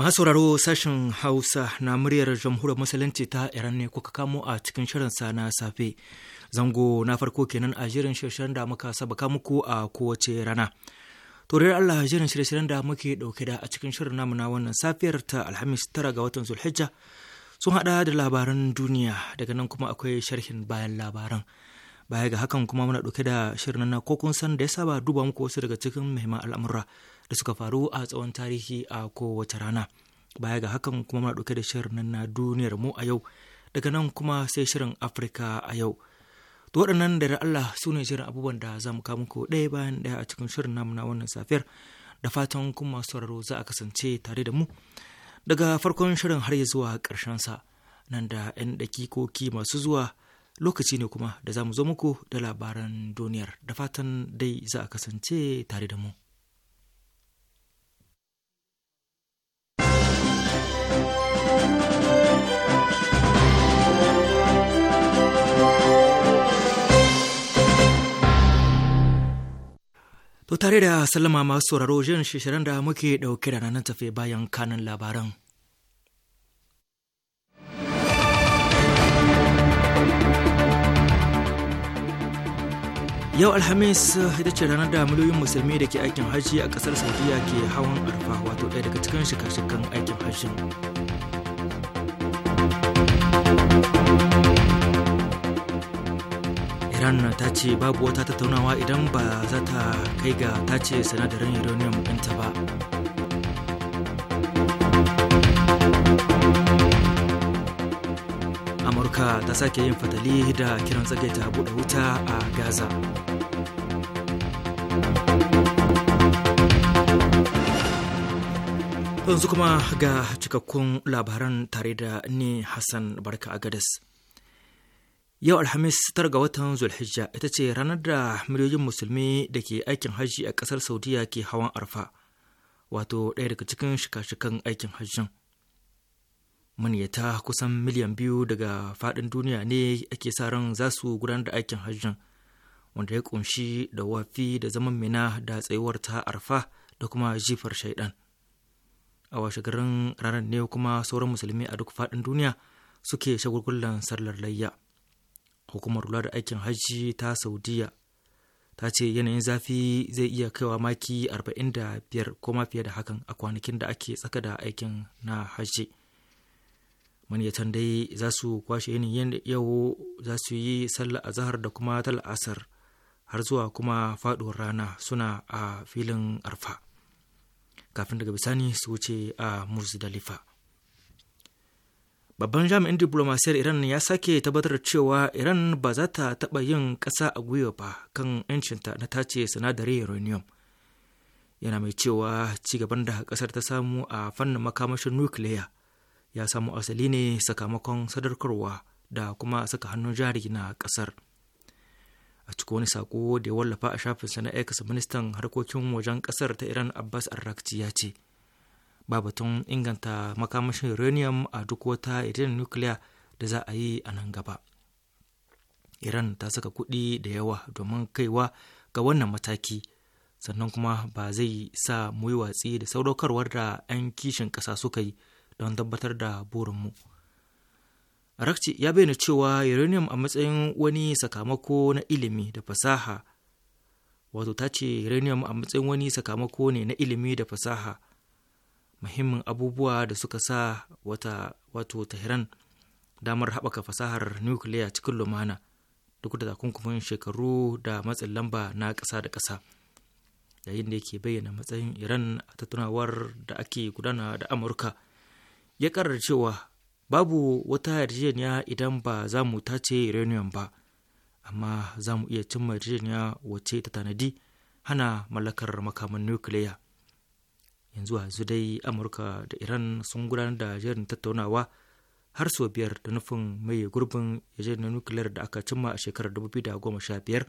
Masu sauraro sashen Hausa na muryar jamhuriyar Musulunci ta Iran ne kuka kamo a cikin shirin sa na safe. Zango na farko kenan a jirin shirin da muka sabaka muku a kowace rana. Turar Allah jirin shirye da muke dauke da a cikin shirin namu na wannan safiyar ta Alhamis tara ga watan Zulhijja sun hada da labaran duniya daga nan kuma akwai sharhin bayan labaran. Baya ga hakan kuma muna dauke da shirin na kokun san da ya saba duba muku wasu daga cikin muhimman al'amura da suka faru a tsawon tarihi a kowace rana baya ga hakan kuma muna ɗauke da shirin nan na duniyar mu a yau daga nan kuma sai shirin afirka a yau to waɗannan da Allah su ne shirin abubuwan da za mu kawo muku ɗaya bayan ɗaya a cikin shirin namu na wannan safiyar da fatan kuma sauraro za a kasance tare da mu daga farkon shirin har ya zuwa ƙarshen sa nan da 'yan dakikoki masu zuwa lokaci ne kuma da za mu zo muku da labaran duniyar da fatan dai za a kasance tare da mu. To tare da sallama masu sauraro jin shishirin da muke ɗauke da ranar tafe bayan kanin labaran. Yau Alhamis ita ce ranar da miliyoyin musulmi da ke aikin hajji a kasar Saudiya ke hawan arfa wato ɗaya daga cikin shika-shikan aikin hajji. iran ta ce babu wata tattaunawa idan ba za ta kai ga ta tace sinadarin uranium ɗinta ba amurka ta sake yin fatali da kiran tsagaita buɗe wuta a gaza yanzu kuma ga cikakkun labaran tare da ni hassan barka Gadas. Yau Alhamis tar ga watan Zulhijja ita ce ranar da miliyoyin musulmi da ke aikin hajji a ƙasar Saudiya ke hawan arfa, wato ɗaya daga cikin shika-shikan aikin hajjin. Maniyata kusan miliyan biyu daga faɗin duniya ne ake sa ran za su gudanar da aikin hajjin, wanda ya ƙunshi da wafi da zaman mina da tsayuwar ta arfa da kuma jifar shaidan. A washe garin ranar ne kuma sauran musulmi a duk faɗin duniya suke shagulgullan sallar layya. hukumar kula da aikin hajji ta saudiya ta ce yanayin zafi zai iya kaiwa maki 45 ko ma fiye da hakan a kwanakin da ake tsaka da aikin na hajji maniyatan dai za su kwashe yanayin yau za su yi sallah azahar da kuma tal asar har zuwa kuma faduwar rana suna a filin arfa kafin daga bisani su wuce a dalifa babban jami'in diplomasiyar iran ya sake tabbatar cewa iran ba za ta taɓa yin ƙasa a gwiwa ba kan 'yancinta na tace sinadarin uranium yana mai cewa ci gaban da ƙasar ta samu a fannin makamashin nukiliya ya samu asali ne sakamakon sadarkarwa da kuma saka hannun jari na ƙasar a cikin wani sako da ya wallafa a shafinsa na ex ministan harkokin wajen ƙasar ta iran abbas arrakci ya ce ba batun inganta makamashin uranium a duk wata irin nukiliya da za a yi a nan gaba iran ta saka kuɗi da yawa domin kaiwa ga wannan mataki sannan kuma ba zai sa mu yi watsi da sauraukarwar da 'yan kishin ƙasa suka yi don tabbatar da burinmu rakci ya bayyana cewa uranium a matsayin wani sakamako na ilimi da fasaha wato ta ce uranium a matsayin wani sakamako ne na ilimi da fasaha muhimmin abubuwa da suka sa wata wato Tehran damar haɓaka fasahar nukiliya cikin lumana duk da takunkumin shekaru da matsin lamba na ƙasa da ƙasa yayin da yake bayyana matsayin Iran a tattunawar da ake gudana da Amurka ya ƙarar cewa babu wata yarjejeniya idan ba za mu tace uranium ba amma za mu iya cimma yarjejeniya wacce ta tanadi hana mallakar makaman nukiliya. yanzu yanzu dai amurka da iran sun gudanar da jerin tattaunawa har sau biyar da nufin mai gurbin yajen na nukiliyar da aka cimma a shekarar 2015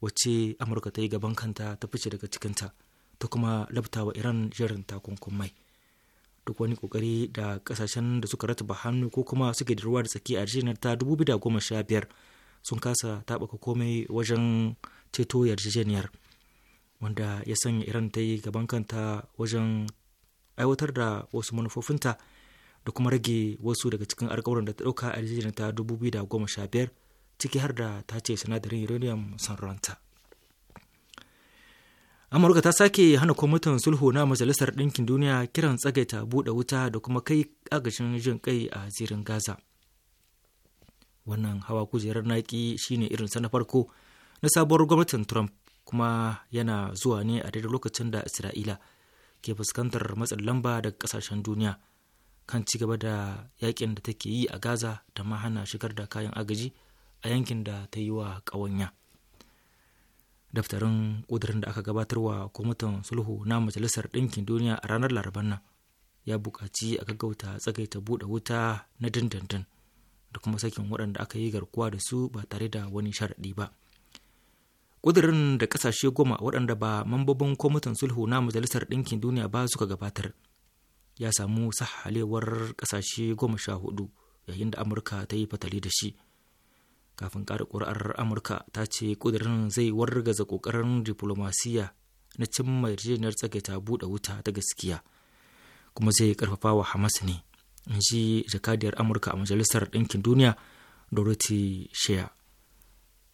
wacce amurka ta yi gaban kanta ta fice daga cikinta ta kuma labtawa iran jerin mai duk wani kokari da kasashen da suka rataba hannu ko kuma suke da ruwa da tsaki a yarjejeniyar ta 2015 sun kasa taɓaka komai wajen ceto yarjejeniyar wanda ya sanya iran ta yi gaban kanta wajen aiwatar da wasu manufofinta da kuma rage wasu daga cikin alkawuran da ta ɗauka a yarjejeniyar ta 2015 ciki har da ta ce sinadarin uranium sun ranta amurka ta sake hana kwamitin sulhu na majalisar ɗinkin duniya kiran tsagaita buɗe wuta da kuma kai agajin jin kai a zirin gaza wannan hawa kujerar naki shine irin sa na farko na sabuwar gwamnatin trump kuma yana zuwa ne a daidai lokacin da isra'ila ke fuskantar matsin lamba daga kasashen duniya kan ci gaba da yakin da take yi a gaza ta ma hana shigar da kayan agaji a yankin da ta yi wa ƙawanya daftarin ƙudurin da aka gabatar wa kwamitin sulhu na majalisar ɗinkin duniya a ranar laraban nan ya buƙaci a gaggauta tsagaita buɗe wuta na dindindin da kuma sakin waɗanda aka yi garkuwa da su ba tare da wani sharaɗi ba ƙudurin da ƙasashe goma waɗanda ba mambobin kwamitin sulhu na majalisar ɗinkin duniya ba suka gabatar ya samu sahalewar ƙasashe goma sha hudu yayin da amurka ta yi fatali da shi kafin ƙara ƙuri'ar amurka ta ce ƙudurin zai wargaza ƙoƙarin diflomasiya na cimma yarjejeniyar tsagaita buɗe wuta ta gaskiya kuma zai ƙarfafa wa hamas ne in ji jakadiyar amurka a majalisar ɗinkin duniya dorothy shea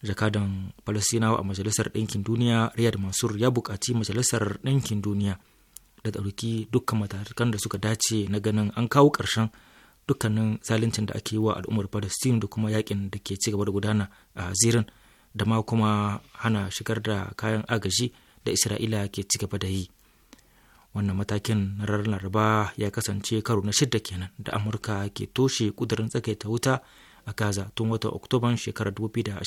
jakadan falasinawa a majalisar ɗinkin duniya riyad mansur ya buƙaci majalisar ɗinkin duniya da ɗauki dukkan matakan da suka dace na ganin an kawo ƙarshen dukkanin zaluncin da ake yi wa al'ummar palestine da kuma yakin da ke ci gaba da gudana a zirin da ma kuma hana shigar da kayan agaji da isra'ila ke ci gaba da yi wannan matakin na ranar laraba ya kasance karo na shidda kenan da amurka ke toshe kudurin tsakaita wuta a gaza tun watan oktoban shekarar 2023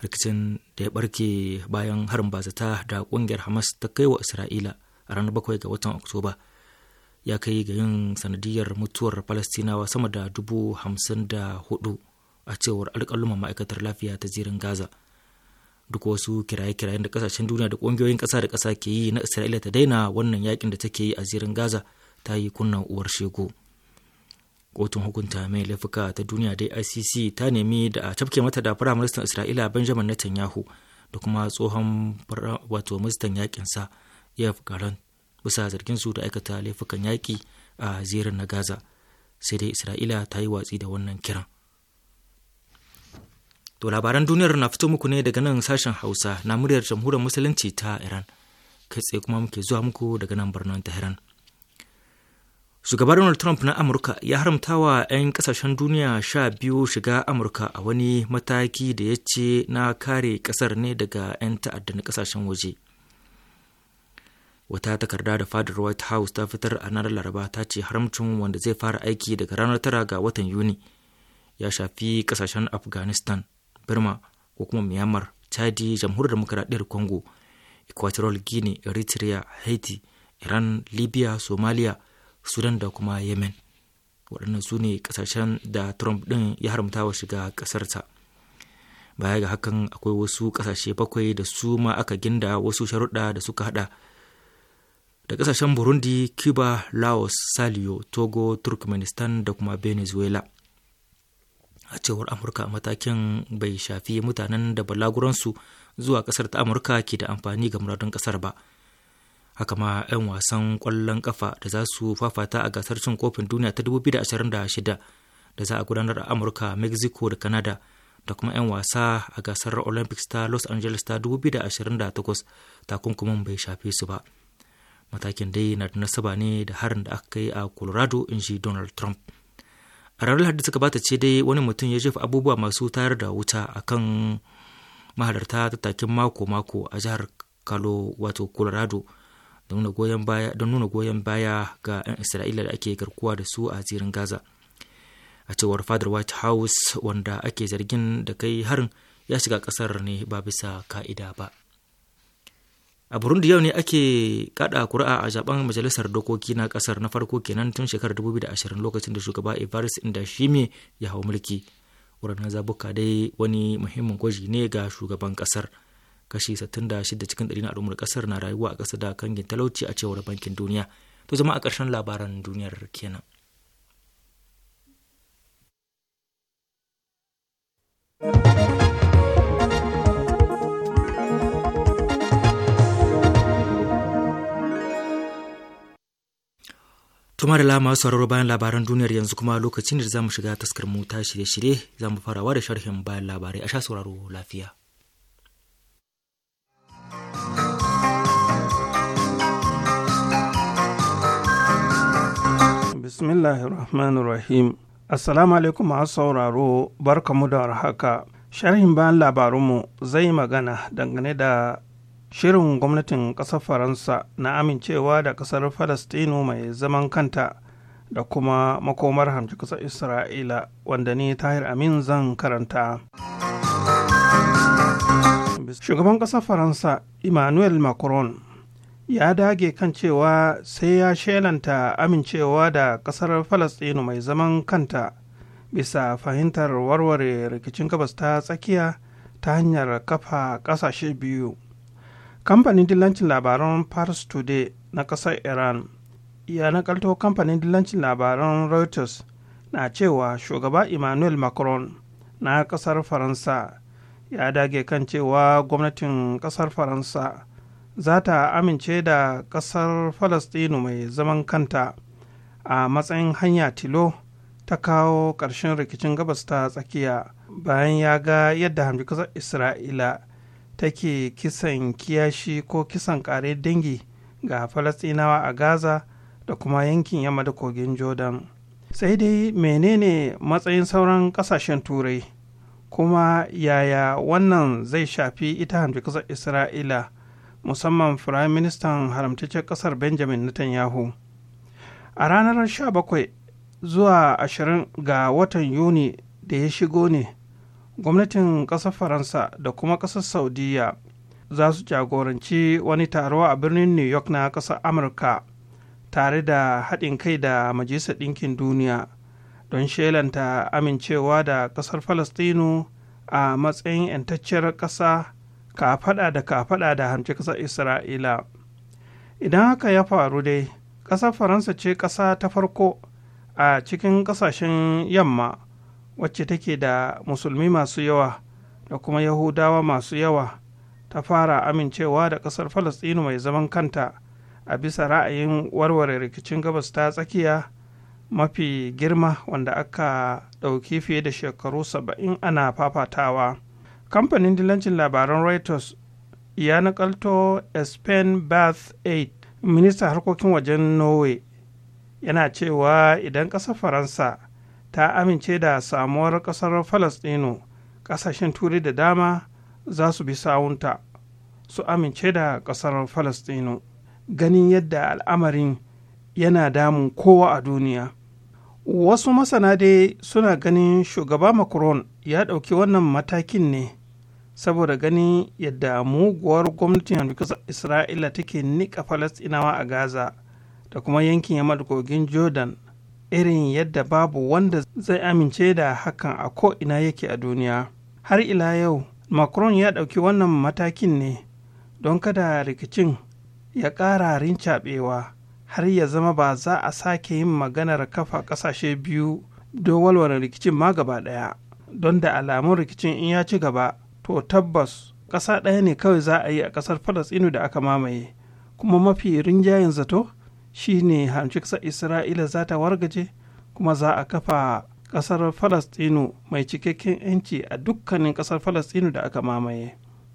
rikicin da ya barke bayan harin bazata da kungiyar hamas ta kai wa isra'ila a ranar 7 ga watan oktoba ya kai ga yin sanadiyar mutuwar falastinawa sama da dubu hamsin da hudu a cewar alƙaluman ma'aikatar lafiya ta zirin gaza duk wasu kiraye-kirayen da kasashen duniya da ƙungiyoyin ƙasa da ƙasa ke yi na isra'ila ta daina wannan yakin da take yi a zirin gaza ta yi kunnan uwar shego kotun hukunta mai laifuka ta duniya dai icc ta nemi da a tafke mata da firayim isra'ila benjamin netanyahu da kuma tsohon wato ministan yakin sa yaf garan bisa zargin su da aikata laifukan yaƙi a zirin na gaza sai dai isra'ila ta yi watsi da wannan kiran to labaran duniyar na fito muku ne daga nan sashen hausa na muryar jamhuriyar musulunci ta iran kai tsaye kuma muke zuwa muku daga nan birnin tehran shugaban Donald Trump na Amurka ya haramta wa 'yan kasashen duniya sha biyu shiga Amurka a wani mataki da ya ce na kare kasar ne daga 'yan ta'adda na kasashen waje. Wata takarda da fadar White House ta fitar a ranar Laraba ta ce haramcin wanda zai fara aiki daga ranar tara ga watan Yuni ya shafi kasashen Afghanistan, Burma ko kuma Myanmar, Chadi, Jamhuriyar Demokaradiyyar Congo, Equatorial Guinea, Eritrea, Haiti, Iran, Libya, Somalia, sudan da kuma yemen waɗannan su ne ƙasashen da trump ɗin ya haramta wa shiga ƙasarsa baya ga hakan akwai wasu ƙasashe bakwai da su ma aka ginda wasu sharuɗa da suka haɗa da ƙasashen burundi cuba laos salio togo turkmenistan da kuma venezuela a cewar amurka matakin bai shafi mutanen da balaguransu zuwa ƙasar ta amurka ke da amfani ga muradun ƙasar ba haka ma 'yan wasan kwallon kafa da za su fafata a gasar cin kofin duniya ta 2026 da za a gudanar a amurka mexico da canada da kuma 'yan wasa a gasar olympics ta los angeles ta 2028 takunkumin bai shafe su ba matakin dai na nasaba ne da harin da aka kai a colorado in ji donald trump a ranar lahadi suka bata ce dai wani mutum ya jefa abubuwa masu tayar da wuta a kan mahalarta tattakin mako-mako a jihar kalo wato colorado don nuna goyon baya ga 'yan isra'ila da ake garkuwa da su a zirin gaza a cewar fadar white house wanda ake zargin da kai harin ya shiga kasar ne ba bisa ka'ida ba a burundi yau ne ake kada kuri'a a zaben majalisar dokoki na kasar na farko kenan tun shekarar 2020 lokacin da shugaba shi indashime ya hau mulki wurin zabuka dai wani muhimmin gwaji ne ga shugaban kasar kashi 66 cikin ɗari na al'ummar kasar na rayuwa a ƙasa da kangin talauci a cewar bankin duniya to zama a ƙarshen labaran duniyar kenan tuma da lama sauraro bayan labaran duniyar yanzu kuma lokacin da za mu shiga taskar mu ta shirye-shirye za mu farawa da sharhin bayan labarai a sha sauraro lafiya Bismillahirrahmanirrahim. Assalamu alaikum masu sauraro barkamu da warhaka. Sharhin bayan labarunmu zai magana dangane da shirin gwamnatin ƙasar Faransa na amincewa da ƙasar Falastinu mai zaman kanta da kuma makomar hamci ƙasar Isra'ila wanda ni Tahir Amin zan karanta. Shugaban ƙasar Faransa Emmanuel Macron ya dage kan cewa sai ya shelanta amincewa da ƙasar Falasɗinu mai zaman kanta bisa fahimtar warware rikicin gabas ta tsakiya ta hanyar kafa ƙasashe biyu. Kamfanin dillancin labaran Paris Today na ƙasar Iran ya nakalto kamfanin dillancin labaran Reuters na cewa shugaba Emmanuel Macron na ƙasar Faransa ya dage kan cewa gwamnatin ƙasar Faransa. za ta amince da ƙasar falastinu mai zaman kanta a matsayin hanya tilo ta kawo ƙarshen rikicin gabas ta tsakiya bayan ya ga yadda hamdi ƙasar isra'ila take kisan kiyashi ko kisan ƙare dangi ga falastinawa a gaza da kuma yankin yamma da kogin jordan sai dai menene matsayin sauran ƙasashen turai kuma yaya wannan zai shafi ita hamdi ƙasar isra'ila musamman firayim ministan haramtaccen kasar benjamin netanyahu a ranar 17 zuwa 20 ga watan yuni da ya shigo ne gwamnatin kasar faransa da kuma kasar saudiya za su jagoranci wani taro a birnin new york na kasar amurka tare da haɗin kai da majalisar ɗinkin duniya don shelanta amincewa da kasar falastinu a matsayin 'yantacciyar ƙasa Ka faɗa da ka faɗa da hamci ƙasar isra'ila idan haka ya faru dai ƙasar faransa ce ƙasa ta farko a cikin ƙasashen yamma wacce take da musulmi masu yawa da kuma yahudawa masu yawa ta fara amincewa da ƙasar falastinu mai zaman kanta a bisa ra'ayin warware rikicin gabas ta tsakiya mafi girma wanda aka ɗauki fiye da shekaru saba'in ana fafatawa. kamfanin dilancin labaran reuters ya nakalto spain bath 8 ministan harkokin wajen norway yana cewa idan ƙasar faransa ta amince da samuwar ƙasar falastino ƙasashen turai da dama za su bi sawunta su amince da ƙasar falastino ganin yadda al'amarin yana damun kowa a duniya wasu masana dai suna ganin shugaba macron ya ɗauki wannan matakin ne saboda ganin yadda muguwar gwamnatin hamdukasar isra'ila take nika falastinawa a gaza da kuma yankin yamma kogin jordan irin yadda babu wanda zai amince da hakan a ko'ina yake a duniya har ila yau macron ya ɗauki wannan matakin ne don kada rikicin ya ƙara rincaɓewa har ya zama ba za a sake yin maganar kafa ƙasashe biyu don walwala rikicin ma gaba ɗaya don da alamun rikicin in ya ci gaba to tabbas ƙasa ɗaya ne kawai za a yi a ƙasar falasɗinu da aka mamaye kuma mafi rinjayen zato shi shine ƙasar isra'ila za ta wargaje kuma za a kafa ƙasar falasɗinu mai cikakken 'yanci a dukkanin ƙasar falasɗinu da aka mamaye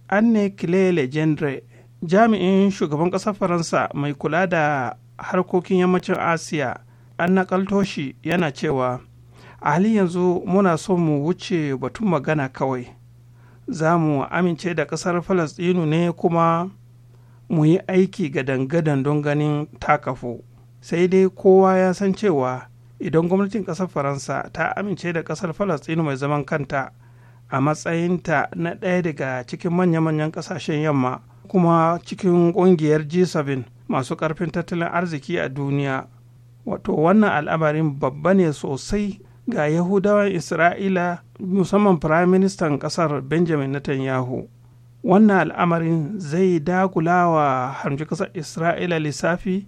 anne kilele gendre jami'in shugaban ƙasar faransa mai kula da harkokin yammacin asiya an naƙalto shi yana cewa a halin yanzu muna so mu wuce batun magana kawai za mu amince da ƙasar falastinu ne kuma mu yi aiki ga gadan don ganin takafu sai dai kowa ya san cewa idan gwamnatin ƙasar faransa ta amince da ƙasar falastinu mai zaman kanta a matsayinta na ɗaya daga cikin manya-manyan ƙasashen yamma kuma cikin ƙungiyar g7 masu ƙarfin tattalin arziki a duniya wato wannan al'amarin babba ne sosai ga yahudawan isra'ila musamman firaministan ƙasar benjamin netanyahu wannan al'amarin zai dagula wa hamji ƙasar isra'ila lissafi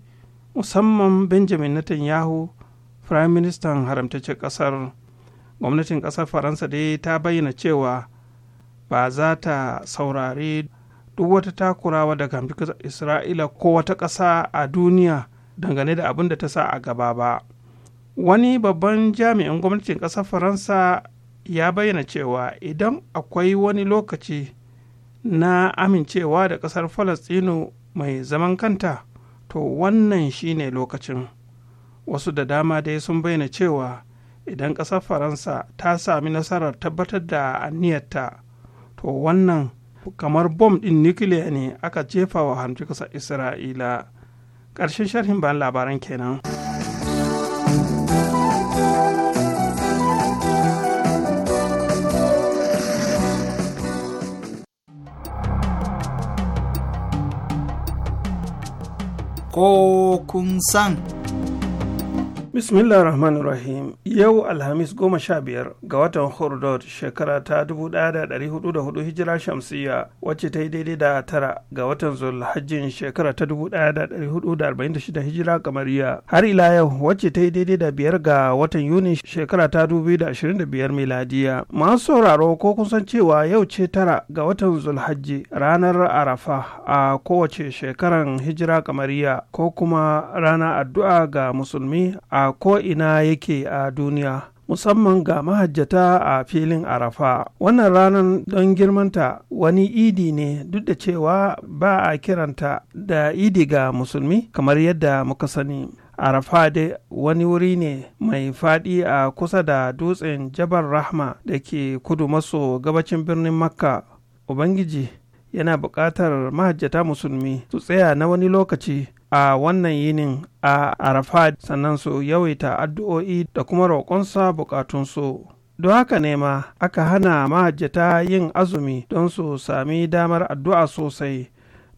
musamman benjamin netanyahu firaministan haramtaccen ƙasar gwamnatin ƙasar faransa dai ta bayyana cewa ba za ta saurari duk wata takurawa daga hamji ƙasar isra'ila ko wata ƙasa a duniya dangane da abin da ta sa a gaba ba. wani babban jami'in gwamnatin ƙasar faransa ya bayyana cewa idan akwai wani lokaci na amincewa da ƙasar falastinu mai zaman kanta to wannan shine lokacin wasu da dama dai sun bayyana cewa idan ƙasar faransa ta sami nasarar tabbatar da aniyarta to wannan kamar bom ɗin nukiliya ne aka jefa wa harci ƙasar isra'ila ƙarshen sharhin bayan labaran kenan. こうくんさん bismillah rahman rahim yau alhamis goma sha biyar ga watan hurdod shekara ta hudu hijira shamsiyya wacce ta yi daidai da tara ga watan zulhajjin shekara ta 1446 hijira kamariya har ila yau wacce ta yi daidai da biyar ga watan yuni shekara ta biyar miladiya masu sauraro ko kusan cewa yau ce tara ga watan zulhajji ranar arafa a kowace shekaran hijira kamariya ko kuma rana addu'a ga musulmi a a ko'ina yake a duniya musamman ga mahajjata a filin arafa wannan ranar don girmanta wani idi ne duk da cewa ba a kiranta da idi ga musulmi kamar yadda muka sani arafa dai wani wuri ne mai faɗi a kusa da dutsen jabar rahma da ke kudu maso gabacin birnin makka ubangiji yana buƙatar mahajjata musulmi su tsaya na wani lokaci a wannan yinin a arafat sannan su yawaita addu'o'i da kuma roƙonsa bukatunsu don haka nema aka hana mahajjata yin azumi don su sami damar addu'a sosai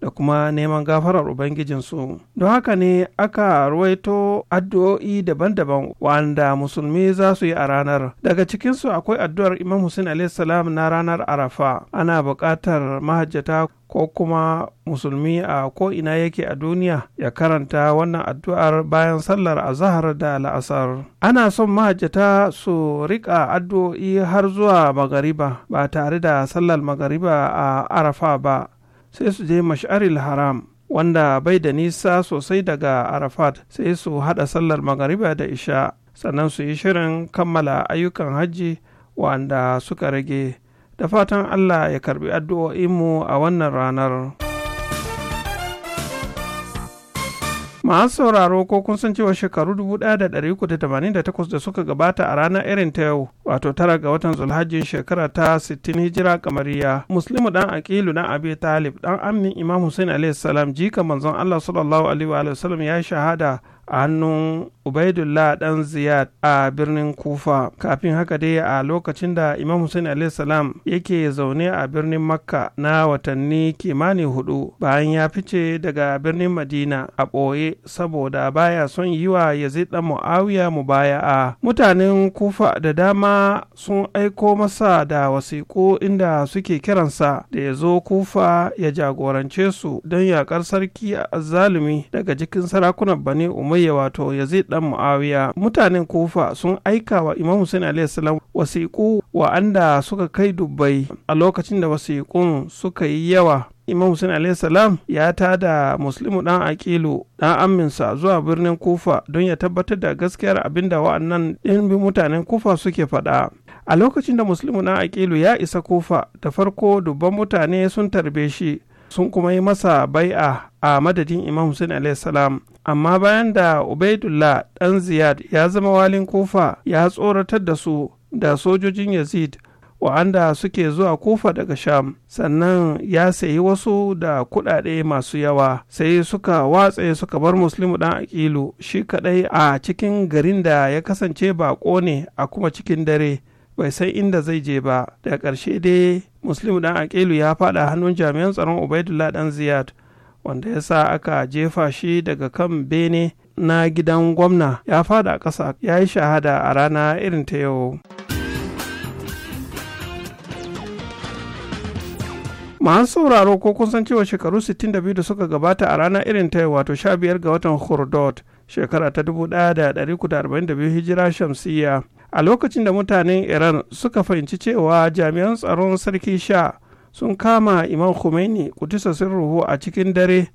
da kuma neman gafarar ubangijinsu don haka ne aka ruwaito addu'o'i daban-daban wanda musulmi za su yi a ranar daga cikinsu akwai addu'ar imam hussein salam na ranar arafa ana buƙatar mahajjata ko kuma musulmi a ko'ina yake a duniya ya karanta wannan addu'ar bayan sallar azahar da la'asar ana son mahajjata su riƙa addu'o'i har zuwa magariba ba tare da sallar magariba a arafa ba sai su je mash'aril haram wanda bai da nisa sosai daga arafat sai su haɗa sallar magariba da isha sannan su yi shirin kammala ayyukan hajji wanda suka rage da fatan allah ya karbi addu'o'inmu a wannan ranar. masu sauraro ko kun san cewa shekaru 1388 da suka gabata a ranar irin ta yau wato tara ga watan zulhajjin shekara ta 60 hijira kamariya muslimu dan aqilu na abi talib dan amin imam hussein alaihi salam jika manzon allah sallallahu alaihi wa sallam ya shahada a hannun ubaidullah dan ziyad a birnin kufa kafin haka dai a lokacin da imam hussein salam yake zaune a birnin makka na watanni kimanin hudu bayan ya fice daga birnin madina a ɓoye saboda baya son yi wa yazid dan muawiya a mutanen kufa da dama sun aiko masa da wasiƙu inda suke kiransa da ya zo kufa ya jagorance su don yaƙar sarki a zalumi daga cikin sarakunan bani umai umayya wato yazid dan muawiya mutanen kufa sun aika wa imam hussein alayhi salam wasiƙu wa'anda suka kai dubbai a lokacin da wasiƙun suka yi yawa imam hussein alayhi salam ya tada muslimu dan akilu dan aminsa zuwa birnin kufa don ya tabbatar da gaskiyar abin da wa'annan ɗimbin mutanen kufa suke faɗa a lokacin da muslimu dan akilu ya isa kufa da farko dubban mutane sun tarbe shi sun kuma yi masa bai'a a madadin imam hussein alayhi salam amma bayan da ubaidullah ɗan ziyad ya zama walin kufa ya tsoratar da su da sojojin yazid wa'anda suke zuwa kufa daga sham sannan ya sayi wasu da kuɗaɗe masu yawa sai suka watse suka bar muslimu ɗan aƙilu shi kaɗai a cikin garin da ya kasance baƙo ne a kuma cikin dare bai san inda zai je ba Da ƙarshe dai muslimu ɗan aƙilu ya faɗa hannun jami'an tsaron ubaidullah ɗan ziyad wanda ya sa aka jefa shi daga kan bene na gidan gwamna ya fada ƙasa ya yi shahada a rana irin ta yau. masu sauraro ko kun san cewa shekaru 62 da suka gabata a rana irin ta wato 15 ga watan hurdot shekara ta 1,442 hijira shamsiyya a lokacin da mutanen iran suka fahimci cewa jami'an tsaron sarki sha sun kama imam khomeini kutisa sirruhu a cikin dare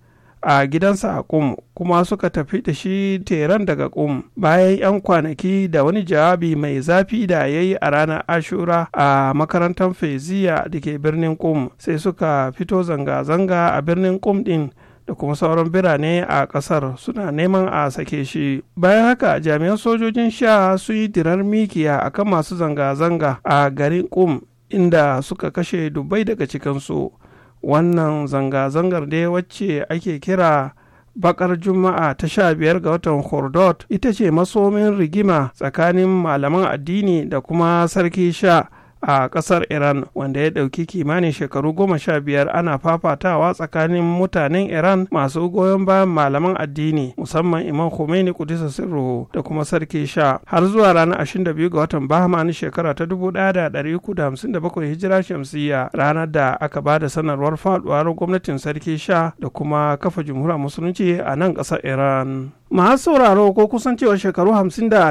a gidansa a kum kuma suka tafi da shi teran daga kum bayan 'yan kwanaki da wani jawabi mai zafi da ya yi a ranar ashura a makarantar feziya da ke birnin kum sai suka fito zanga-zanga a birnin kum din da kuma sauran birane a kasar suna neman a sake shi bayan haka jami'an sojojin sha sun yi dirar mikiya akan masu zanga-zanga a garin kum inda suka kashe dubbai daga cikinsu wannan zanga-zangar dai wacce ake kira bakar juma'a ta sha biyar ga watan hordot ita ce masomin rigima tsakanin malaman addini da kuma sarki sha a ƙasar iran wanda ya ɗauki kimanin shekaru goma sha biyar ana fafatawa tsakanin mutanen iran masu goyon bayan malaman addini musamman imam khomeini kudisa Sirru da kuma sarki sha har zuwa ranar biyu ga watan bahman shekara ta dubu da da da uku hamsin bakwai hijira shamsiyya ranar da aka ba da sanarwar faɗuwar gwamnatin sarki sha da kuma kafa jumhuriyar musulunci a nan ƙasar iran masu sauraro ko kusan cewa shekaru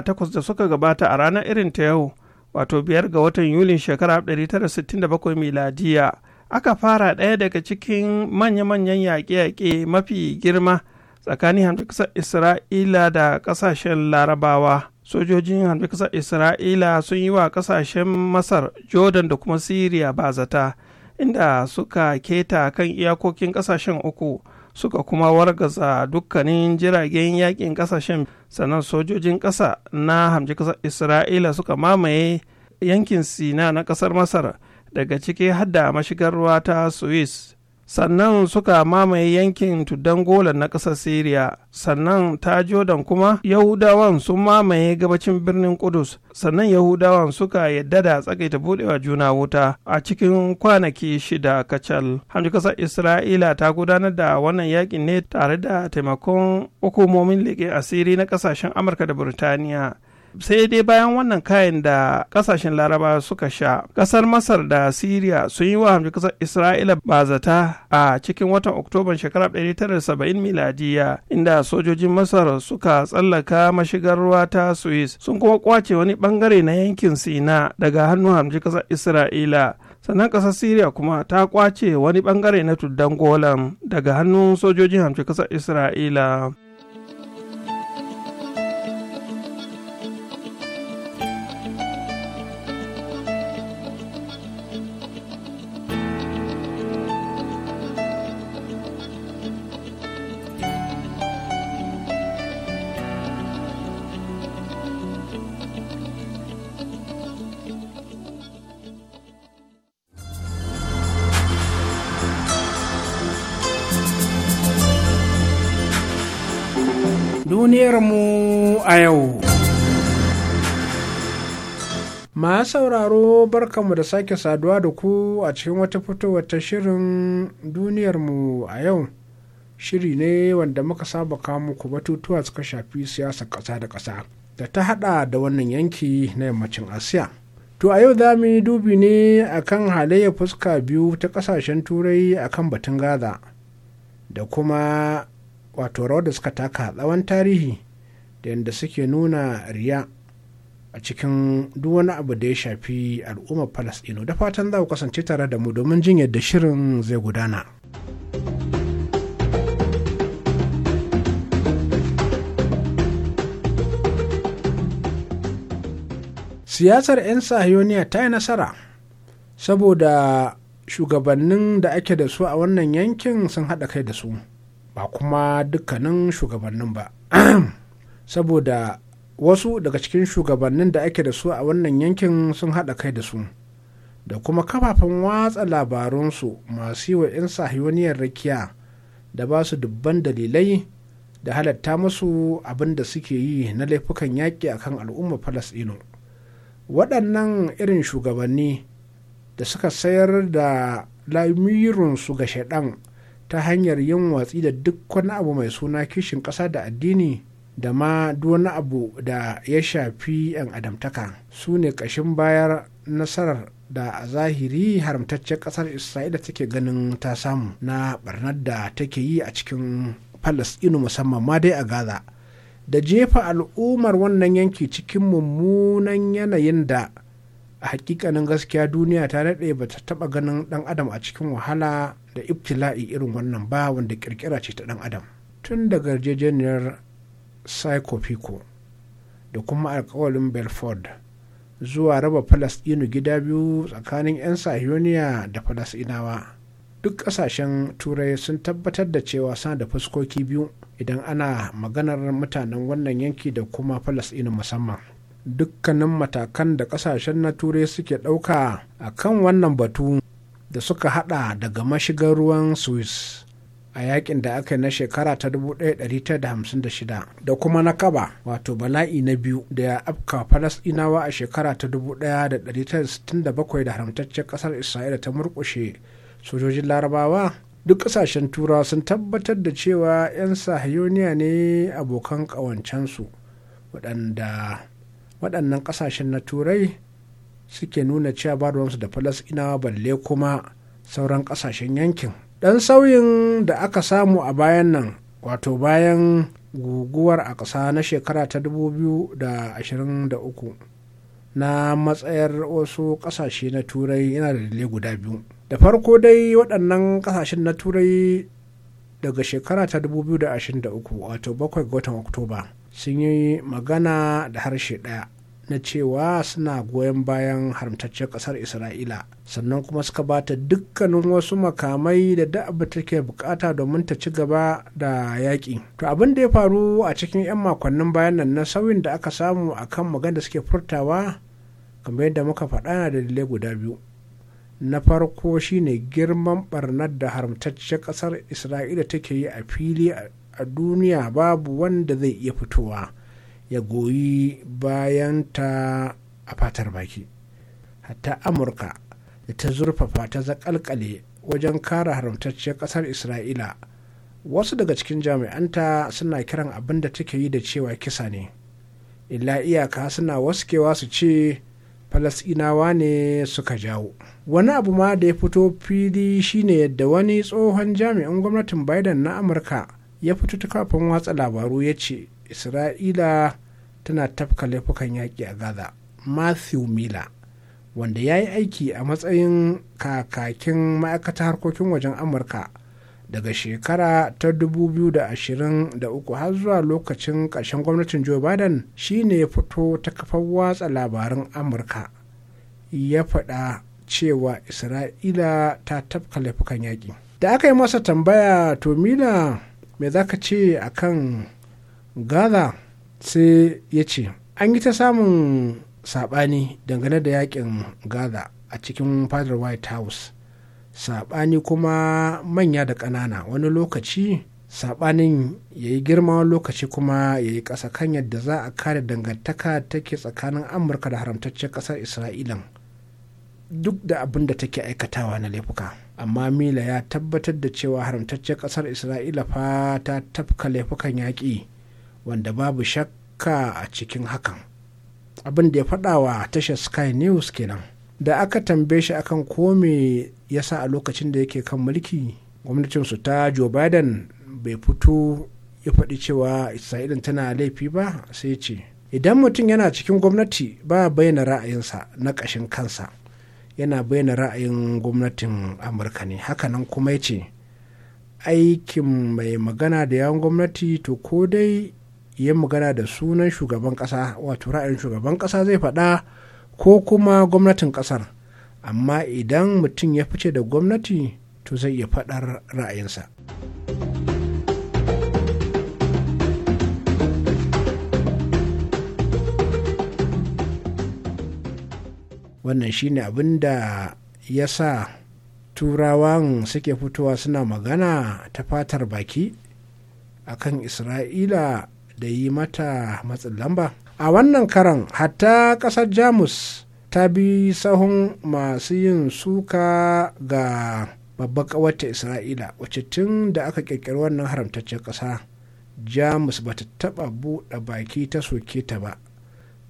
takwas da suka gabata a ranar irin ta yau wato biyar ga watan yulin shekara 1967 miladiya aka fara ɗaya daga cikin manya-manyan yaƙe-yaƙe mafi girma tsakanin hamdukasar isra'ila da ƙasashen larabawa sojojin hamdukasar isra'ila sun yi wa ƙasashen masar jordan da kuma siriya bazata inda suka keta kan iyakokin ƙasashen uku suka kuma wargaza dukkanin jiragen yakin kasashen sannan sojojin ƙasa na hamji kasar isra'ila suka mamaye yankin sina na ƙasar masar daga ciki hadda mashigar ruwa ta suez sannan suka mamaye yankin Tudangola na ƙasar Siriya, sannan ta Jordan kuma Yahudawan sun mamaye gabacin birnin Kudus, sannan Yahudawan suka yadda da tsakaita budewa juna wuta a cikin kwanaki shida kacal. Hamji ƙasar Isra'ila ta gudanar da wannan yakin ne tare da taimakon hukumomin leƙe asiri na ƙasashen Amurka da Burtaniya. sai dai bayan wannan kayan da kasashen laraba suka sha kasar masar da syria sun yi wa hamji kasar isra'ila bazata a cikin watan oktoban shekarar 1970 miladiya inda sojojin masar suka tsallaka mashigar ruwa ta suis sun kuma kwace wani bangare na yankin sina daga hannun hamji kasar isra'ila sannan kasar syria kuma ta kwace wani bangare na tuddan golan daga hannun sojojin hamshi kasar isra'ila a yau. Ma sauraro barkanmu da sake saduwa da ku a cikin wata fitowar ta shirin duniyarmu a yau. Shiri ne wanda muka saba kamu muku batutuwa suka shafi siyasar ƙasa da ƙasa da ta haɗa da wannan yanki na yammacin Asiya. To a yau za mu yi dubi ne akan halayyar fuska biyu ta ƙasashen turai akan batun Gaza da kuma wato rawar da suka taka tsawon tarihi da yadda suke nuna riya a cikin duk wani abu da ya shafi al'ummar falasɗinu da fatan za ku kasance tare da mu domin jin yadda shirin zai gudana. siyasar 'yan sahiyoniya ta yi nasara saboda shugabannin da ake da su a wannan yankin sun haɗa kai da su ba kuma dukkanin shugabannin ba saboda wasu daga cikin shugabannin da ake da su a wannan yankin sun haɗa kai da su da kuma kafafen watsa labarunsu masu yi wa 'yan sahiyoniyar rakiya da ba su dubban dalilai da halatta musu abin da suke yi na laifukan yaƙi a kan al'ummar falasɗinu waɗannan irin shugabanni da suka sayar da lamirinsu ga shaɗan ta hanyar yin watsi da duk wani abu mai suna kishin ƙasa da addini da ma wani abu da ya shafi 'yan adamtaka su ne kashin bayar nasarar da a zahiri haramtaccen kasar isra'ila take ganin ta samu na barnar da take yi a cikin falasɗinu musamman ma dai a gaza da jefa al'ummar wannan yanki cikin mummunan yanayin da a hakikanin gaskiya duniya ta daɗe ba ta taɓa ganin ɗan adam a cikin wahala da ibtila'i irin wannan ba wanda ƙirƙira ce ta ɗan adam tun da garjejeniyar psychopico da kuma alkawalin belford zuwa raba falasɗinu gida biyu tsakanin 'yan sahiyoniya da falasɗinawa duk ƙasashen turai sun tabbatar da cewa suna da fuskoki biyu idan ana maganar mutanen wannan yanki da kuma falasɗinu musamman dukkanin matakan da ƙasashen na turai suke ɗauka a kan wannan batu da suka hada daga mashigar ruwan swiss a yakin da aka yi na shekara ta 1956 da kuma na kaba wato bala'i na biyu da ya afka falasɗinawa a shekara ta 1967 da haramtaccen ƙasar isra'ila ta murkushe sojojin larabawa duk ƙasashen turawa sun tabbatar da cewa 'yan sahiyoniya ne abokan ƙawancensu waɗanda waɗannan ƙasashen na turai suke nuna cewa ba da falasɗinawa balle kuma sauran ƙasashen yankin ɗan sauyin da aka samu a bayan nan wato bayan guguwar a ƙasa na shekara ta 2023 na matsayar wasu ƙasashe na turai yana da dalilai guda biyu da farko dai waɗannan ƙasashen na turai daga shekara ta 2023 wato bakwai ga watan oktoba sun yi magana da harshe ɗaya na cewa suna goyon bayan haramtaccen kasar isra'ila sannan kuma suka ba ta dukkanin wasu makamai da da'aba take bukata domin ta ci gaba da yaƙi to abin da ya faru a cikin 'yan makonnin bayan nan na sauyin da aka samu a kan magana suke furtawa kamar yadda muka faɗa na dalilai guda biyu na farko shine girman barnar da haramtaccen kasar isra'ila take yi a fili a duniya babu wanda zai iya fitowa. ya goyi bayan ta a fatar baki hatta amurka da ta zurfafa ta zakalkale wajen kare haramtacciyar ƙasar isra'ila wasu daga cikin jami'anta suna kiran abin da take yi da cewa kisa ne illa iyaka suna waskewa su ce falasinawa ne suka jawo wani abu ma da ya fito fili shine yadda wani tsohon jami'in gwamnatin biden na amurka ya fito ta kafin watsa labaru ya ce isra'ila tana tafka laifukan yaƙi a gaza matthew miller wanda ya yi aiki a matsayin kakakin ma'aikatar harkokin wajen amurka daga shekara ta 2023 har zuwa lokacin ƙarshen gwamnatin joe biden shine ya fito ta kafar watsa labaran amurka ya faɗa cewa isra'ila ta tafka laifukan yaƙi da aka yi masa tambaya to mila me za ka ce akan gaza sai ya ce an yi ta samun saɓani dangane da yakin gaza a cikin fadar white house saɓani kuma manya da ƙanana wani lokaci saɓanin ya yi girma lokaci kuma ya yi ƙasa kan yadda za a kare dangantaka take tsakanin amurka da haramtaccen ƙasar isra'ilan duk da abin da take aikatawa na laifuka amma mila ya tabbatar da cewa haramtaccen ƙasar isra'ila fa ta tafka laifukan yaƙi wanda babu shakka a cikin hakan abin da ya faɗa wa tashar sky news kenan da aka tambaye shi akan kome ya sa a lokacin da yake kan mulki gwamnatinsu ta joe biden bai fito ya faɗi cewa isra'ilin tana laifi ba sai ce idan mutum yana cikin gwamnati ba bayyana ra'ayinsa na ƙashin kansa yana bayyana ra'ayin gwamnatin amurka ne hakanan kuma ya ce aikin mai magana da yawon gwamnati to ko dai yin magana da sunan shugaban ƙasa wato ra'ayin shugaban ƙasa zai faɗa ko kuma gwamnatin ƙasar amma idan mutum ya fice da gwamnati to zai iya faɗar ra'ayinsa. wannan shine abin da ya sa turawan suke fitowa suna magana ta fatar baki akan isra'ila da yi mata matsin lamba a wannan karan hatta ƙasar jamus ta bi sahun masu yin suka ga babbar ƙawarta isra'ila wacce tun da aka ƙirƙiri wannan haramtaccen ƙasa jamus ba ta taɓa buɗe baki ta soke ta ba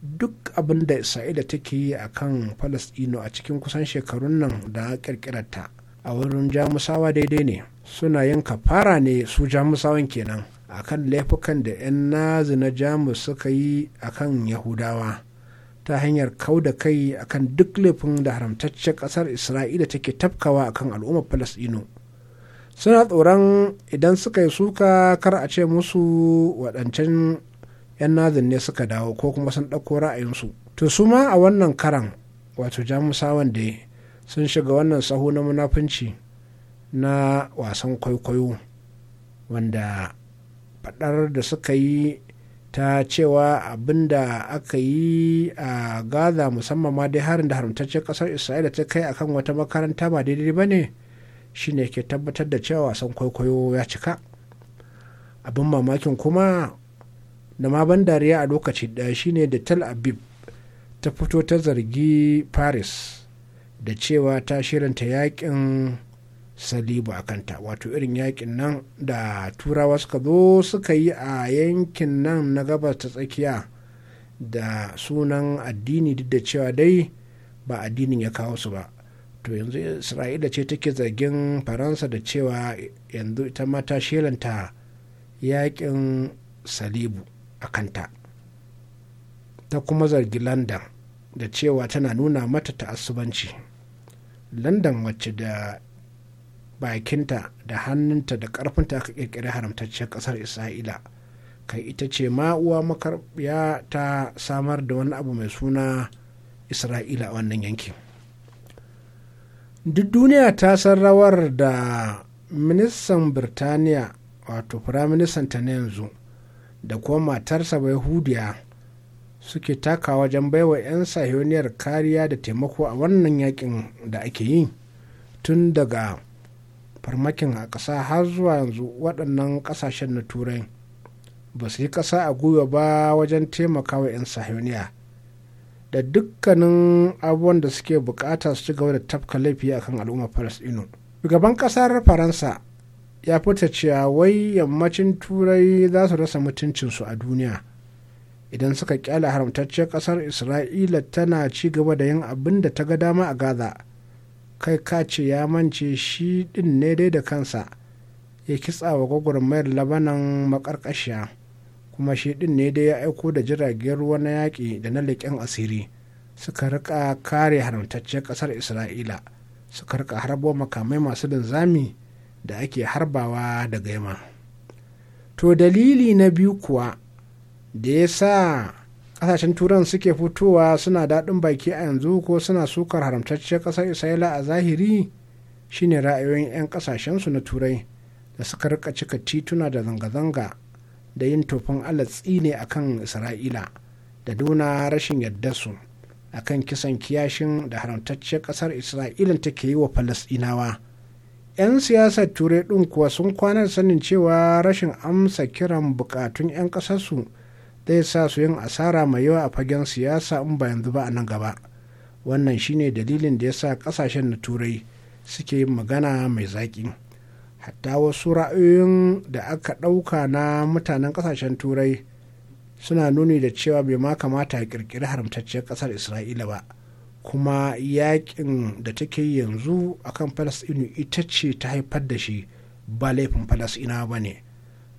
duk abin da isra'ila take yi a kan falasɗino a cikin kusan shekarun nan da ƙirƙirarta a wurin jamusawa daidai ne suna yin kafara ne su jamusawan kenan a kan laifukan da 'yan nazi na jamus suka yi a kan yahudawa ta hanyar kau da kai a kan duk laifin da haramtaccen ƙasar isra'ila take tafkawa kan al'ummar falasɗinu suna tsoron idan suka yi suka kar a ce musu waɗancan 'yan nazi ne suka dawo ko kuma sun ɗauko ra'ayinsu to su ma a wannan karan wato jamusawan da sun shiga wannan sahu na munafunci na wasan kwaikwayo wanda faɗar da suka yi ta cewa abin da aka yi a gaza musamman ma dai harin da haramtaccen ƙasar isra'ila ta kai akan wata makaranta ba daidai ba ne shine ke tabbatar da cewa wasan kwaikwayo ya cika abin mamakin kuma da ma ban dariya a lokaci ɗaya shine da tel aviv ta fito ta zargi paris da cewa ta shirinta yakin salibu a kanta wato irin yakin nan da turawa suka zo suka yi a yankin nan na gabas ta tsakiya da sunan addini duk da cewa dai ba addinin ya kawo su ba to yanzu isra'ila ce take zargin faransa da cewa yanzu ita ma ta shelanta yakin salibu a kanta ta kuma zargi london da cewa tana nuna mata ta'asubanci london wacce da bakinta da hannunta da ƙarfinta ka ƙirƙiri haramtacciyar ƙasar isra'ila kai ita ce ma uwa makarbiya ta samar da wani abu mai suna isra'ila a wannan yanki duk duniya ta san rawar da ministan birtaniya wato firaministan ta na yanzu da kuma matarsa bai hudiya suke taka wajen baiwa 'yan sahiyoniyar kariya da taimako a wannan yakin da ake yi tun daga farmakin a ƙasa har zuwa yanzu waɗannan ƙasashen na turai ba su yi ƙasa a gwiwa ba wajen taimakawa 'yan sahiyoniya da dukkanin abubuwan da suke bukata su ci gaba da tafka laifi a kan al'ummar ino shugaban ƙasar faransa ya fita cewa wai yammacin turai za su rasa mutuncinsu a duniya idan suka kyale haramtacciyar ƙasar isra'ila tana ci gaba da yin abin da ta ga dama a gaza kai kace ya mance shi ɗin ne dai da kansa ya kitsa wa gwagwarmayar labanan makarkashiya kuma shi ɗin ne dai ya aiko da jiragen ruwa na yaƙi da na leƙen asiri suka rika kare haramtacciyar ƙasar isra'ila suka rika harbo makamai masu linzami da ake harbawa da gaima to dalili na biyu kuwa da ya sa kasashen turan suke fitowa suna daɗin baki a yanzu ko suna sukar haramtacciyar ƙasar isra'ila a zahiri shine ra'ayoyin 'yan ƙasashensu na turai da suka rika cika tituna da zanga-zanga da yin tofin alatsi ne a kan isra'ila da nuna rashin su a kan kisan kiyashin da haramtacciyar ƙasar Isra'ila take yi wa falasɗinawa 'yan siyasar turai ɗin kuwa sun kwanar sanin cewa rashin amsa kiran bukatun 'yan ƙasarsu zai sa su yin asara mai yawa a fagen siyasa in ba yanzu ba a nan gaba wannan shine dalilin da ya sa kasashen na turai suke yin magana mai zaƙi hatta wasu ra'ayoyin da aka ɗauka na mutanen kasashen turai suna nuni da cewa bai ma kamata a ƙirƙiri haramtacciyar ƙasar isra'ila ba kuma yaƙin da take yanzu akan falasɗinu ita ce ta haifar da shi ba laifin Falasɗina ba ne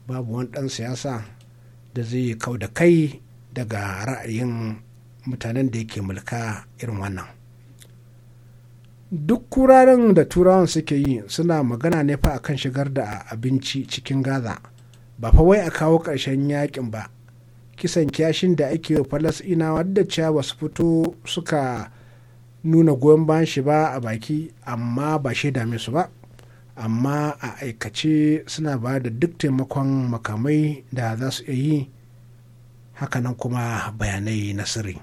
babu wani ɗan siyasa da zai kau da kai daga ra'ayin mutanen da yake mulka irin wannan duk kuraren da turawan suke yi suna magana ne fa akan shigar da abinci cikin gaza ba fa wai a kawo ƙarshen yakin ba kisan kyashin da ake wa falasina wadda cewa ba su fito suka nuna goyon bayan shi ba a baki amma ba shaida su ba amma a aikace suna ba da duk taimakon makamai da za su iya yi hakanan kuma bayanai na sirri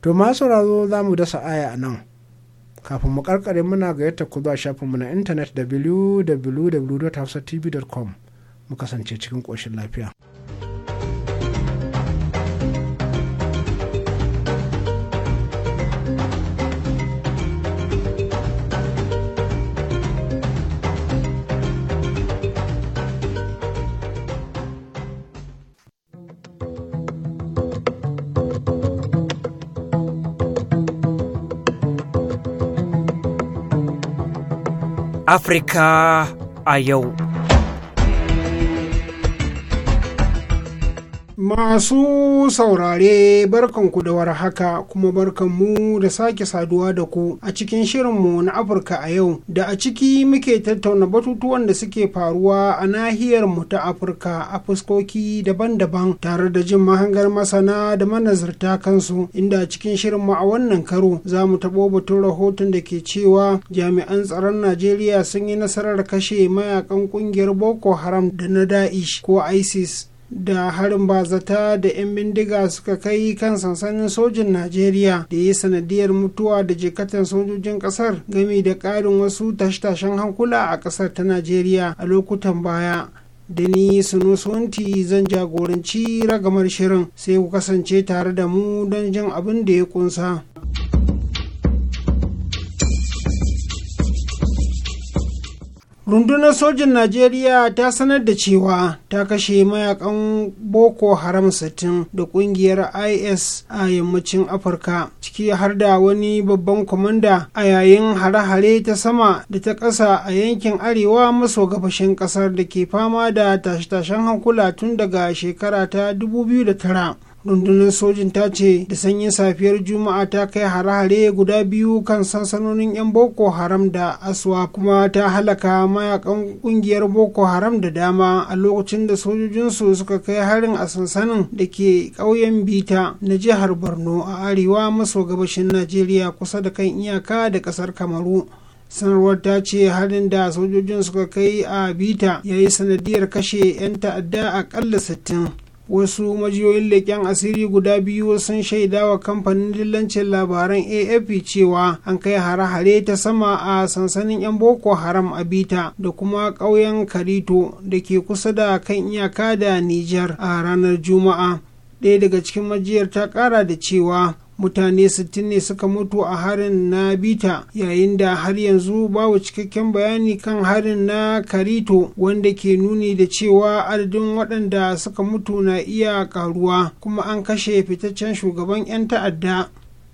to ma sauraro za mu dasa aya a nan kafin mu karkare muna ga yadda ku zuwa shafinmu na intanet www.hafsatv.com mu kasance cikin ƙoshin lafiya. Afirka a yau. Masu saurare barkanku da haka kuma barkanmu da sake saduwa da ku a cikin shirinmu na Afirka a yau da a ciki muke tattauna batutuwan da suke faruwa a nahiyar mu ta Afirka a fuskoki daban-daban tare da jin mahangar masana da manazarta kansu inda a cikin shirinmu a wannan karo za mu taɓo batun rahoton da ke cewa jami'an tsaron Najeriya sun yi nasarar kashe mayakan ƙungiyar Boko Haram da na Da'ish ko ISIS da harin bazata da 'yan bindiga suka kai kan sansanin sojin najeriya da ya sanadiyar mutuwa da jikatan sojojin kasar gami da ƙarin wasu tashe hankula a ƙasar ta najeriya a lokutan baya da ni sunusunti zan jagoranci ragamar shirin sai ku kasance tare da mu don jin abin da ya kunsa. rundunar sojin najeriya ta sanar da cewa ta kashe mayakan boko haram 60 da kungiyar is a yammacin afirka ciki har da wani babban kwamanda a yayin hare-hare ta sama da ta ƙasa a yankin arewa maso gabashin ƙasar da ke fama da tashe-tashen hankula tun daga shekara ta 2009 rundunar sojin ta ce da sanyin safiyar juma'a ta kai hare-hare guda biyu kan sansanonin 'yan boko haram da aswa kuma ta halaka mayakan kungiyar boko haram da dama a lokacin da sojojinsu suka kai harin a sansanin da ke ƙauyen bita na jihar borno a arewa maso gabashin najeriya kusa da kan iyaka da ƙasar kamaru sanarwar ta ce harin da sojojin suka kai a bita ya yi sanadiyar kashe 'yan ta'adda akalla 60 wasu majiyoyin leƙen asiri guda biyu sun shaida wa kamfanin dillancin labaran afp cewa an kai hare-hare ta sama a sansanin 'yan boko haram a bita da kuma ƙauyen karito da ke kusa da kan iyaka da nijar a ranar juma'a ɗaya daga cikin majiyar ta ƙara da cewa mutane 60 ne suka mutu a harin na bita yayin da har yanzu babu cikakken bayani kan harin na karito wanda ke nuni da cewa adadin waɗanda suka mutu na iya karuwa kuma an kashe fitaccen shugaban 'yan ta'adda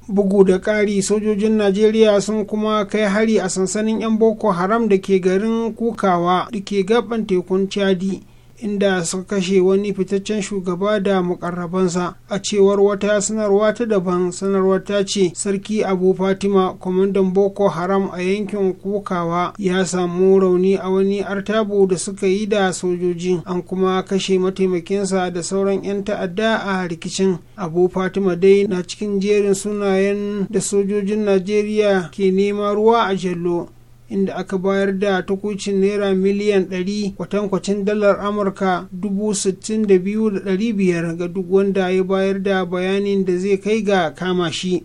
bugu da ƙari sojojin najeriya sun kuma kai hari a sansanin 'yan boko haram da ke garin kukawa da ke gaban tekun chadi inda suka kashe wani fitaccen shugaba da mukarrabansa a cewar wata sanarwa ta daban sanarwa ta ce sarki abu fatima kwamandan boko haram a yankin kukawa ya samu rauni a wani artabu da suka yi da sojoji an kuma kashe mataimakinsa da sauran 'yan ta'adda a rikicin abu fatima dai na cikin jerin sunayen da sojojin najeriya ke nema ruwa a jallo inda aka bayar da takucin naira miliyan 100 kwatankwacin dalar amurka 62,500 ga duk wanda ya bayar da bayanin da zai kai ga kama shi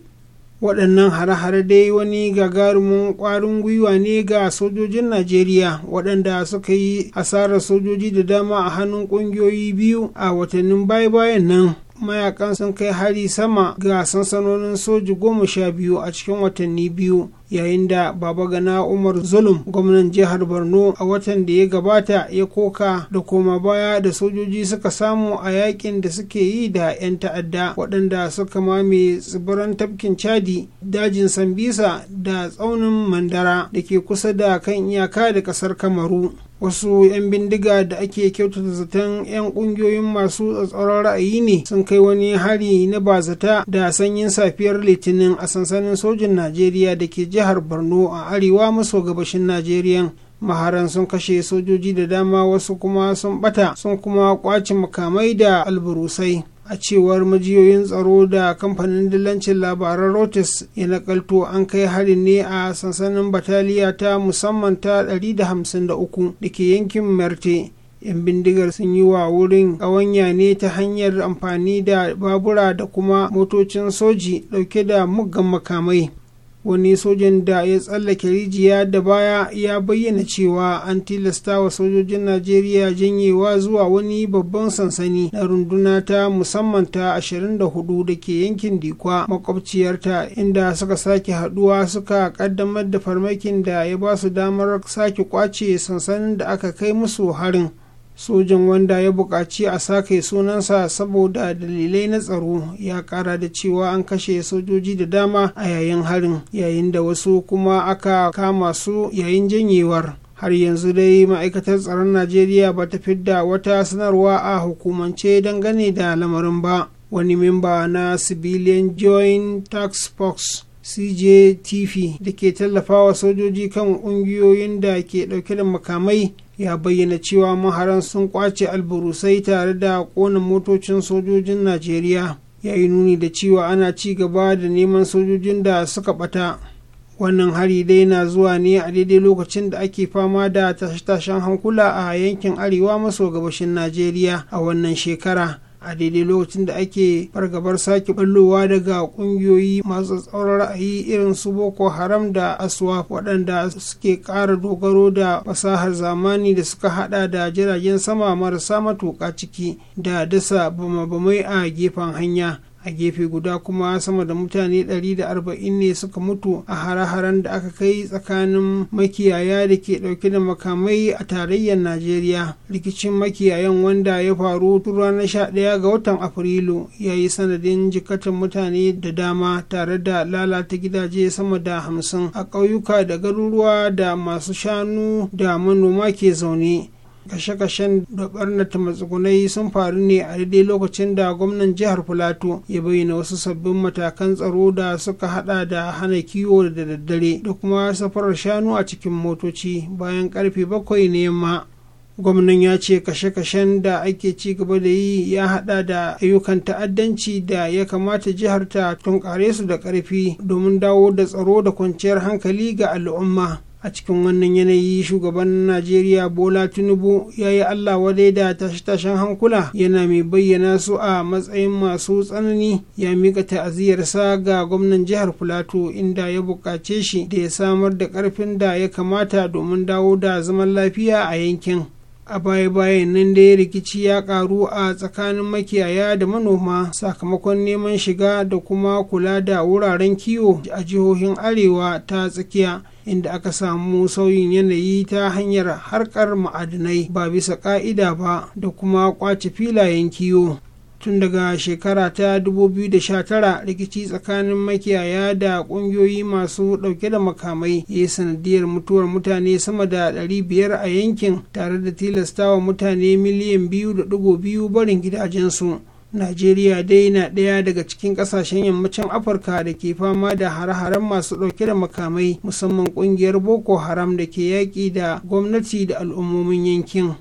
waɗannan hare-hare dai wani gagarumin ƙwarin gwiwa ne ga sojojin najeriya waɗanda suka yi asarar sojoji da dama a hannun ƙungiyoyi biyu a watannin baya-bayan nan mayakan sun kai hari sama ga sansanonin soji goma sha biyu a cikin watanni biyu yayin da baba gana umar zulum gwamnan jihar borno a watan da ya gabata ya koka da koma baya da sojoji suka samu a yakin da suke yi da 'yan ta'adda waɗanda suka mame tsibiran tafkin chadi dajin sambisa da tsaunin mandara da ke kusa da kan iyaka da ƙasar kamaru wasu 'yan bindiga da ake kyautata zaton 'yan kungiyoyin masu tsatsauran ra'ayi ne sun kai wani hari na bazata da sanyin safiyar litinin a sansanin sojin najeriya da ke jihar borno a arewa maso gabashin najeriya maharan sun kashe sojoji da dama wasu kuma sun bata sun kuma kwace makamai da alburusai a cewar majiyoyin tsaro da kamfanin dillancin labaran rotis ya nakalto an kai hari ne a sansanin bataliya ta musamman ta 153 da ke yankin merte yan bindigar sun yi wa wurin ƙawanya ne ta hanyar amfani da babura da kuma motocin soji dauke da muggan makamai wani sojan da ya tsallake rijiya da baya ya bayyana cewa an tilasta wa sojojin najeriya janyewa zuwa wani babban sansani na runduna ta musamman ta 24 da ke yankin dikwa makwabciyarta inda suka sake haduwa suka kaddamar da farmakin da ya ba su damar sake kwace sansanin da aka kai musu harin sojin wanda ya buƙaci a sake sunansa saboda dalilai na tsaro ya ƙara da cewa an kashe sojoji da dama a yayin harin yayin da wasu kuma aka kama su yayin janyewar har yanzu dai ma'aikatar tsaron najeriya ba ta fidda wata sanarwa a hukumance dangane da lamarin ba wani memba na civilian joint tax force cjtv da ke tallafawa sojoji kan ƙungiyoyin da ke ɗauke da makamai ya bayyana cewa maharan sun kwace alburusai tare da ƙona motocin sojojin najeriya ya yi nuni da cewa ana ci gaba da neman sojojin da suka ɓata wannan hari dai na zuwa ne a daidai lokacin da ake fama da tashe-tashen hankula a yankin arewa maso gabashin najeriya a wannan shekara a daidai lokacin da ake fargabar sake ballowa daga ƙungiyoyi masu tsaurar ra'ayi irin su boko haram da aswa waɗanda suke ƙara dogaro da fasahar zamani da suka haɗa da jiragen sama marasa matuƙa ciki da dasa bama-bamai a gefen hanya a gefe guda kuma sama da mutane 140 ne suka mutu a hare-haren da aka kai tsakanin makiyaya da ke dauke da makamai a tarayyar najeriya rikicin makiyayan wanda ya faru tun ranar 11 ga watan afrilu ya yi sanadin jikatan mutane da dama tare da lalata gidaje sama da hamsin a ƙauyuka da garuruwa da masu shanu da manoma ke zaune kashe-kashen da barnata matsugunai sun faru ne a daidai lokacin da gwamnan jihar filato ya bayyana wasu sabbin matakan tsaro da suka hada da hana kiwo da daddare da kuma safarar shanu a cikin motoci bayan karfe bakwai na yamma gwamnan ya ce kashe-kashen da ake ci gaba da yi ya hada da ayyukan ta'addanci da ya kamata jihar ta tunkare su da karfi domin dawo da tsaro da kwanciyar hankali ga al'umma a cikin wannan yanayi shugaban najeriya bola tinubu ya yi allah wadai da tashe-tashen hankula yana mai bayyana su a matsayin masu tsanani ya mika ta'aziyarsa ga gwamnan jihar filato inda ya buƙace shi da ya samar da ƙarfin da ya kamata domin dawo da zaman lafiya a yankin a baya-bayan nan dai rikici ya karu a tsakanin makiyaya da manoma sakamakon neman shiga da kuma kula da wuraren kiwo a jihohin arewa ta tsakiya inda aka samu sauyin yanayi ta hanyar harkar ma'adinai ba bisa ka'ida ba da kuma kwace filayen kiwo tun daga shekara ta 2019 rikici tsakanin makiyaya da kungiyoyi masu dauke da makamai ya yi sanadiyar mutuwar mutane sama da 500 a yankin tare da tilastawa mutane miliyan 2.2 barin gidajensu najeriya dai na ɗaya daga cikin ƙasashen yammacin afirka da ke fama da hare-haren masu ɗauke da makamai musamman ƙungiyar boko haram da ke yaƙi da gwamnati da al'ummomin yankin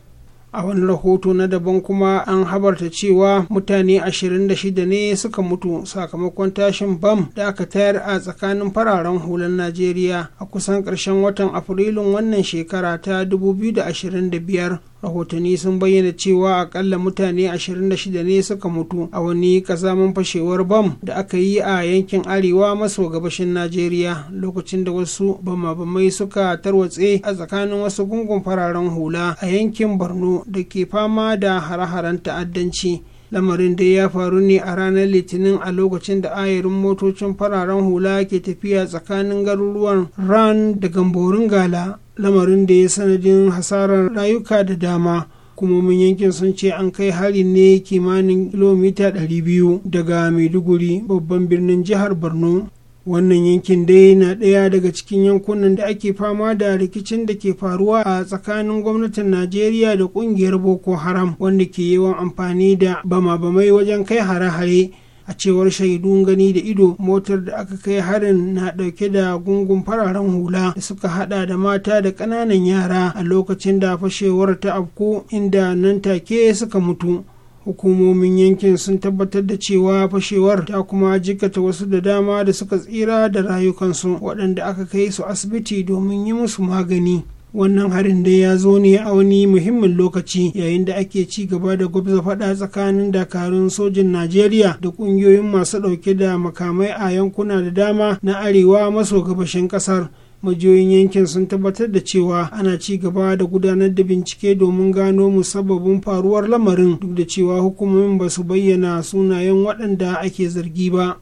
a wani rahoto na daban kuma an habarta cewa mutane 26 ne suka mutu sakamakon tashin bam da aka tayar a tsakanin fararen hulan najeriya a kusan ƙarshen watan afrilun wannan shekara ta 2025 rahotanni sun bayyana cewa akalla mutane 26 ne suka mutu a wani kazaman fashewar bam da aka yi a yankin arewa maso gabashin najeriya lokacin da wasu bama suka tarwatse a tsakanin wasu gungun fararen hula a yankin borno da ke fama da hare-haren ta'addanci lamarin dai ya faru ne a ranar litinin a lokacin da ayarin motocin fararen hula ke tafiya tsakanin garuruwan ran da gamborin gala lamarin da ya sanadin hasarar rayuka da dama kuma mun yankin sun ce an kai hari ne kimanin kilomita 200 daga maiduguri babban birnin jihar borno wannan yankin dai na ɗaya daga cikin yankunan da ake fama da rikicin da ke faruwa a tsakanin gwamnatin najeriya da ƙungiyar boko haram wanda ke yawan amfani da bama-bamai wajen kai hare-hare a cewar shaidun gani da ido motar da aka kai harin na ɗauke da gungun fararen hula da suka hada da mata da ƙananan yara a lokacin da fashewar ta afko inda nan take suka mutu hukumomin yankin sun tabbatar da cewa fashewar ta kuma jikata wasu da dama da suka tsira da rayukansu waɗanda aka kai su asibiti domin yi musu magani wannan harin dai ya zo ne a wani muhimmin lokaci yayin da ake ci gaba da gwabza faɗa tsakanin dakarun sojin najeriya da ƙungiyoyin masu ɗauke da makamai a yankuna da dama na arewa maso gabashin ƙasar majiyoyin yankin sun tabbatar da cewa ana ci gaba da gudanar da bincike domin gano musabbabin faruwar lamarin duk da cewa hukumomin ba su bayyana sunayen waɗanda ake zargi ba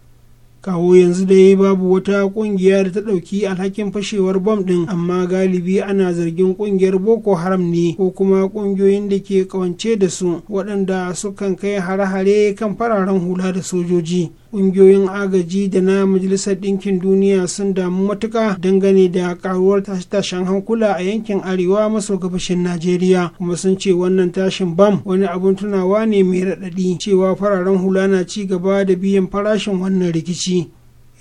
kawo yanzu da yi babu wata kungiya da ta ɗauki alhakin fashewar bom ɗin amma galibi ana zargin kungiyar boko haram ne ko kuma ƙungiyoyin da ke kawance da su waɗanda sukan kai hare-hare kan fararen hula da sojoji ƙungiyoyin agaji da na majalisar ɗinkin duniya sun damu matuƙa dangane da karuwar tashen hankula a yankin arewa maso gabashin najeriya kuma sun ce wannan tashin bam wani abun tunawa ne mai raɗaɗi cewa fararen hula na ci gaba da biyan farashin wannan rikici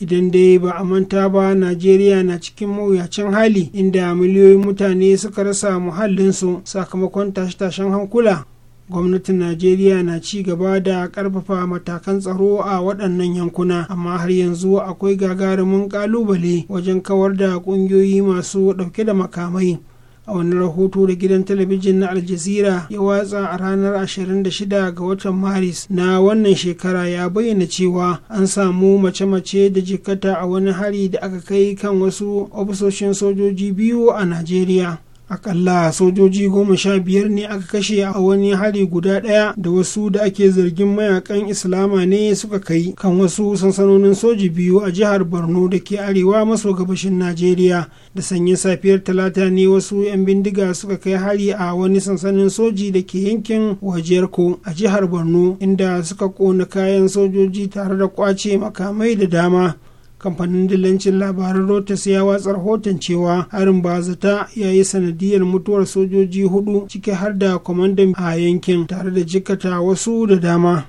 idan dai ba a manta ba najeriya na cikin mawuyacin hali inda miliyoyin mutane suka rasa muhallinsu sakamakon tashe-tashen hankula gwamnatin najeriya na ci gaba da karfafa matakan tsaro a waɗannan yankuna amma har yanzu akwai gagarumin kalubale wajen kawar da ƙungiyoyi masu ɗauke da makamai a wani rahoto da gidan talabijin na aljazira ya watsa a ranar 26 ga watan maris na wannan shekara ya bayyana cewa an samu mace-mace da jikata a wani hari da aka kai kan wasu ofisoshin sojoji biyu a najeriya akalla sojoji goma sha biyar ne aka kashe a wani hari guda ɗaya da wasu da ake zargin mayakan islama ne suka kai kan wasu sansanonin soji biyu a jihar borno da ke arewa maso gabashin najeriya da sanyin safiyar talata ne wasu 'yan bindiga suka kai hari a wani sansanin soji da ke yankin wajerko a jihar borno inda suka kona kayan sojoji tare da kwace makamai da dama kamfanin dillancin labaran Reuters ya watsar rahoton cewa harin bazata ya yi sanadiyar mutuwar sojoji hudu ciki har da kwamandan a yankin tare da jikata wasu da dama.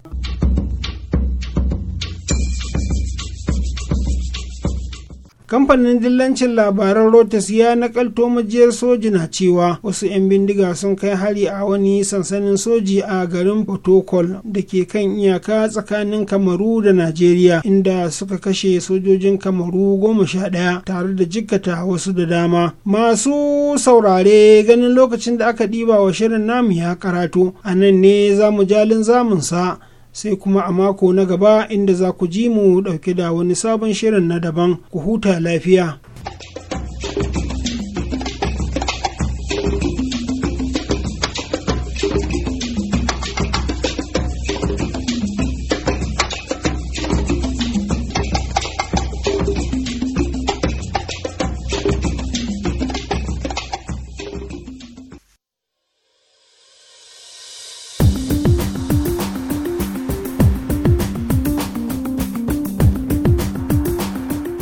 kamfanin dillancin labaran Reuters ya nakalto majiyar soji na cewa wasu 'yan bindiga sun kai hari a wani sansanin soji a garin protocol da ke kan iyaka tsakanin kamaru da najeriya inda suka kashe sojojin kamaru goma sha ɗaya tare da jikkata wasu da dama masu saurare ganin lokacin da aka ɗiba wa shirin namu ya karatu a nan ne zamu jalin zamunsa sai kuma a mako na gaba inda za ku ji mu ɗauke da wani sabon shirin na daban ku huta lafiya